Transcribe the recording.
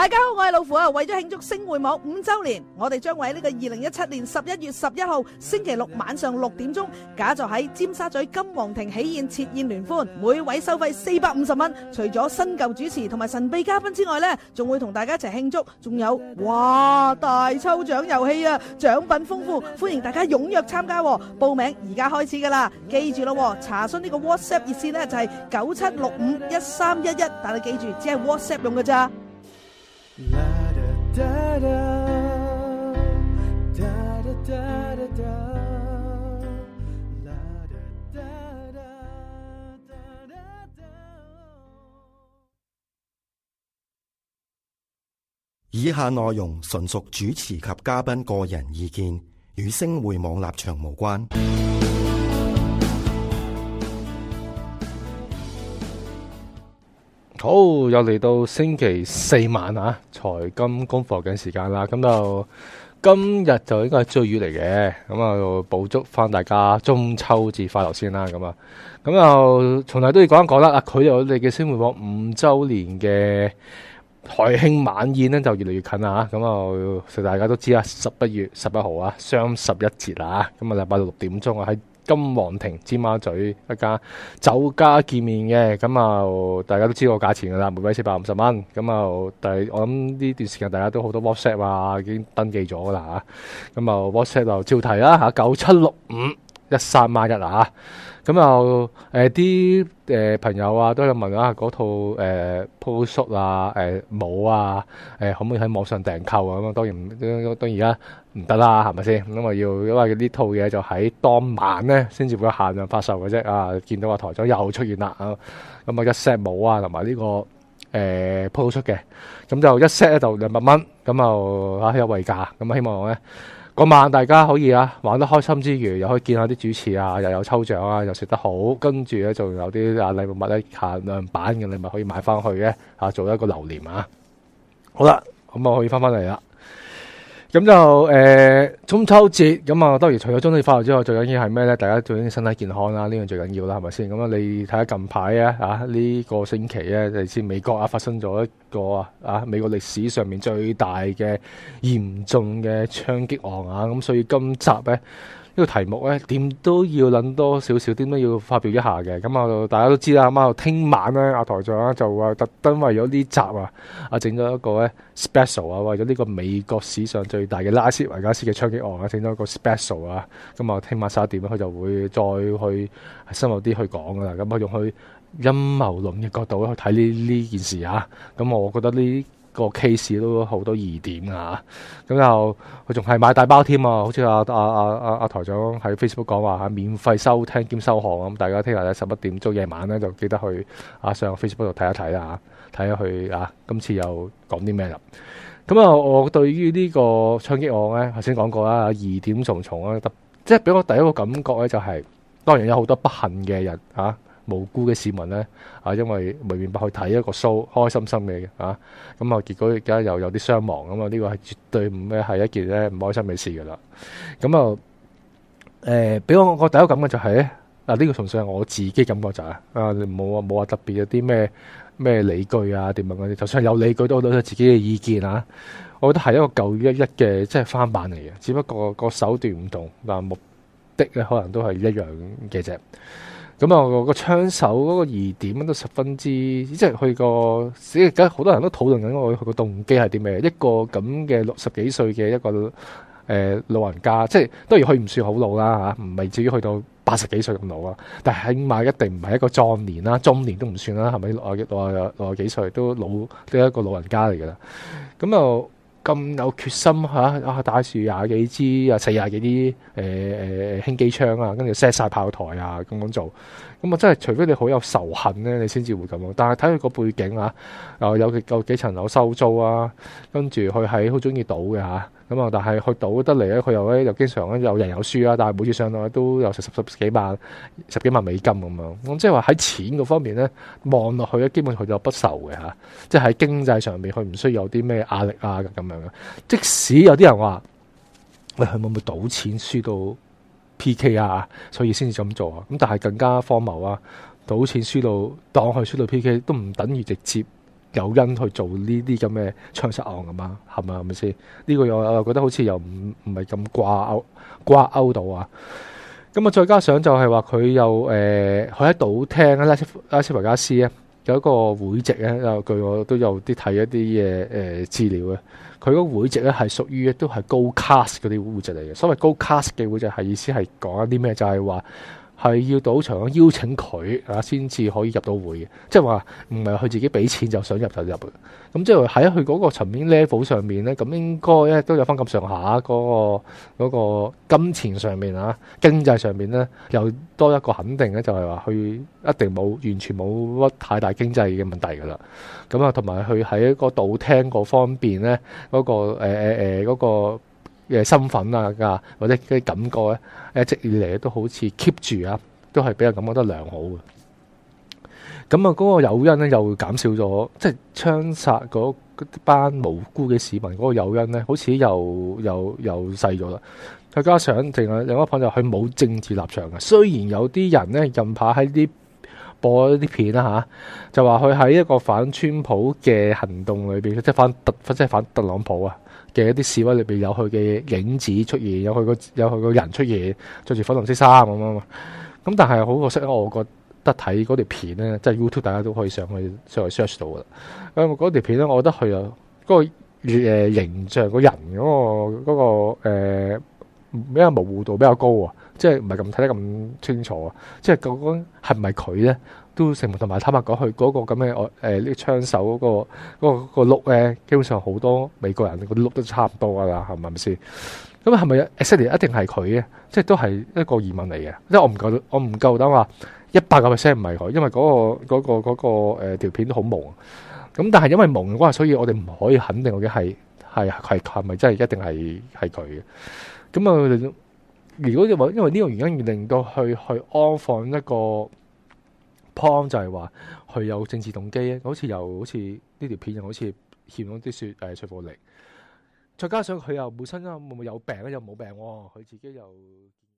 大家好，我係老虎啊！為咗慶祝星匯網五周年，我哋將會喺呢個二零一七年十一月十一號星期六晚上六點鐘，假座喺尖沙咀金皇庭喜宴設宴聯歡，每位收費四百五十蚊。除咗新舊主持同埋神秘嘉賓之外咧，仲會同大家一齊慶祝，仲有哇，大抽獎遊戲啊，獎品豐富，歡迎大家踊躍參加。報名而家開始噶啦，記住咯，查詢呢個 WhatsApp 熱線咧就係九七六五一三一一，但係記住只係 WhatsApp 用噶咋。以下內容純屬主持及嘉賓個人意見，與星匯網立場無關。好，又嚟到星期四晚啊，財金工房嘅時間啦，咁、啊、就今日就應該係最遠嚟嘅，咁啊補祝翻大家中秋節快樂先啦，咁啊，咁又從來都要講一講啦，啊，佢有你嘅星匯坊五周年嘅台慶晚宴呢就越嚟越近啦，吓，咁啊，食、啊、大家都知11 11 11啊，十一月十一號啊，雙十一節啦咁啊，禮拜六六點鐘啊喺金皇庭尖沙咀一家酒家見面嘅，咁就大家都知個價錢噶啦，每位四百五十蚊。咁就但係我諗呢段時間大家都好多 WhatsApp 啊，已經登記咗噶啦吓。咁啊 WhatsApp 就照提啦吓，九七六五，一三萬萬一啊，咁又啲誒、呃、朋友啊都有問下、啊、嗰套誒鋪縮啊誒、呃、帽啊、呃、可唔可以喺網上訂購啊？咁當然當然而家唔得啦，係咪先？咁啊要因為呢套嘢就喺當晚咧先至會有限量發售嘅、啊、啫啊！見到話台長又出現啦，咁啊一 set 帽啊同埋呢個誒鋪縮嘅，咁就一 set 咧、啊這個呃啊、就兩百蚊，咁啊嚇優惠價，咁啊希望咧～個晚大家可以啊玩得開心之餘，又可以見下啲主持啊，又有抽獎啊，又食得好，跟住咧仲有啲啊禮物物咧限量版嘅禮物可以買翻去嘅啊，做一個留念啊。好啦，咁我可以翻翻嚟啦。咁就誒，中秋節咁啊，當然除咗中秋節快樂之外，最緊要係咩呢？大家最緊要身體健康啦，呢樣最緊要啦，係咪先？咁啊你睇下近排啊，啊、這、呢個星期咧，就、啊、似、這個、美國啊發生咗一個啊，啊，美國歷史上面最大嘅嚴重嘅槍擊案啊，咁所以今集呢。呢、這個題目咧，點都要諗多少少，點都要發表一下嘅。咁啊，大家都知啦，阿媽，聽晚咧，阿台長就話特登為咗呢集啊，啊，整咗一個咧 special 啊，為咗呢個美國史上最大嘅拉斯維加斯嘅槍擊案啊，整咗一個 special 啊。咁啊，聽晚十一點佢就會再去深入啲去講㗎喇。咁啊，用去陰謀論嘅角度去睇呢呢件事啊。咁我覺得呢。那個 case 都好多疑點啊！咁又佢仲係買大包添啊！好似阿阿台長喺 Facebook 講話吓，免費收聽兼收看咁，大家聽下咧，十一點鐘夜晚咧就記得去阿、啊、上 Facebook 度睇一睇啦吓，睇下佢啊今次又講啲咩啦！咁啊，我對於呢個槍擊案咧，頭先講過啦，疑點重重啊，即係俾我第一個感覺咧、就是，就係當然有好多不幸嘅人啊。無辜嘅市民呢，啊，因為未免不去睇一個 show，開心心嘅，啊，咁啊，結果而家又有啲傷亡咁啊，呢個係絕對唔咩係一件咧唔開心嘅事噶啦，咁啊，誒、啊，俾我個第一個感覺嘅就係、是、嗱，呢、啊這個純粹係我自己感覺咋、就是，啊，你冇話冇話特別有啲咩咩理據啊，點樣嗰啲，就算有理據，都好，都係自己嘅意見啊，我覺得係一個九一一嘅即係翻版嚟嘅，只不過個手段唔同、啊，目的咧可能都係一樣嘅啫。咁啊個個槍手嗰個疑點都十分之，即係去個，即係而家好多人都討論緊我佢個動機係啲咩？一個咁嘅六十幾歲嘅一個誒、呃、老人家，即係當然佢唔算好老啦嚇，唔係至於去到八十幾歲咁老啦，但係起碼一定唔係一個壯年啦，中年都唔算啦，係咪六啊六啊六十幾歲都老都係一個老人家嚟㗎啦，咁就。咁有決心啊！打住廿幾支啊，四廿幾啲誒誒輕機槍啊，跟住 set 晒炮台啊，咁樣做。咁啊，真係除非你好有仇恨咧，你先至會咁樣。但係睇佢個背景嚇、啊，啊有幾層幾層樓收租啊，跟住佢係好中意賭嘅嚇、啊。咁啊！但係去賭得嚟咧，佢又咧又經常有贏有輸啊，但係每次上到都有成十十幾萬、十幾萬美金咁樣。咁即係話喺錢嗰方面咧，望落去咧，基本佢就不愁嘅吓。即係喺經濟上面，佢唔需要有啲咩壓力啊咁樣嘅。即使有啲人話喂，哎，佢會唔會賭錢輸到 PK 啊，所以先至咁做啊。咁但係更加荒謬啊！賭錢輸到當佢輸到 PK 都唔等於直接。有因去做呢啲咁嘅槍殺案咁嘛？係咪啊？係咪先？呢個又我覺得好似又唔唔係咁掛鈎掛鈎到啊！咁啊，再加上就係話佢又誒，佢喺賭廳拉斯拉斯維加斯咧有一個會籍咧，據我都有啲睇一啲嘢誒資料咧，佢嗰會籍咧係屬於都係高 class 嗰啲會籍嚟嘅。所謂高 class 嘅會籍係意思係講一啲咩？就係話。係要賭場邀請佢啊，先至可以入到會嘅，即係話唔係佢自己俾錢就想入就入嘅。咁即係喺佢嗰個層面 level 上面咧，咁應該咧都有翻咁上下嗰個嗰、嗰個、金錢上面啊，經濟上面咧又多一個肯定咧，就係話佢一定冇完全冇乜太大經濟嘅問題㗎啦。咁啊，同埋佢喺一個賭廳嗰方面咧嗰個誒嗰個。呃呃呃嗰個嘅身份啊，或者啲感覺咧，一直以嚟都好似 keep 住啊，都係比較感覺得良好嘅。咁啊，嗰個誘因呢又減少咗，即係槍殺嗰班無辜嘅市民嗰個誘因呢好似又又又細咗啦。再加上另外另一個朋友佢冇政治立場嘅，雖然有啲人呢，任怕喺啲。播一啲片啦吓、啊，就話佢喺一個反川普嘅行動裏面，即係反特，即係反特朗普啊嘅一啲示威裏面，有佢嘅影子出現，有佢個有佢個人出現，着住粉紅色衫咁啊嘛。咁但係好可惜，我覺得睇嗰條片咧，即係 YouTube 大家都可以上去上 search 到噶啦。因為嗰條片咧，我覺得佢有嗰個形象、個人嗰個、嗰個、呃、比較模糊度比較高啊。即係唔係咁睇得咁清楚啊！即係究竟係唔係佢咧？都成日同埋坦白講，去嗰個咁嘅我誒呢槍手嗰個嗰個嗰個碌咧，基本上好多美國人嗰啲碌都差唔多噶啦，係咪咪先？咁啊係咪阿 Sunny 一定係佢嘅？即係都係一個疑問嚟嘅，即係我唔夠，我唔夠膽話一百個 percent 唔係佢，因為嗰個嗰個嗰個誒條片都好蒙。咁但係因為蒙嘅話，所以我哋唔可以肯定我嘅係係係係咪真係一定係係佢嘅？咁啊！如果你話因為呢個原因而令到佢去安放一個 point 就係話佢有政治動機啊，好似又好似呢條片又好似欠咗啲說誒說服力。再加上佢又本身啊會唔會有病咧？又冇病喎，佢自己又。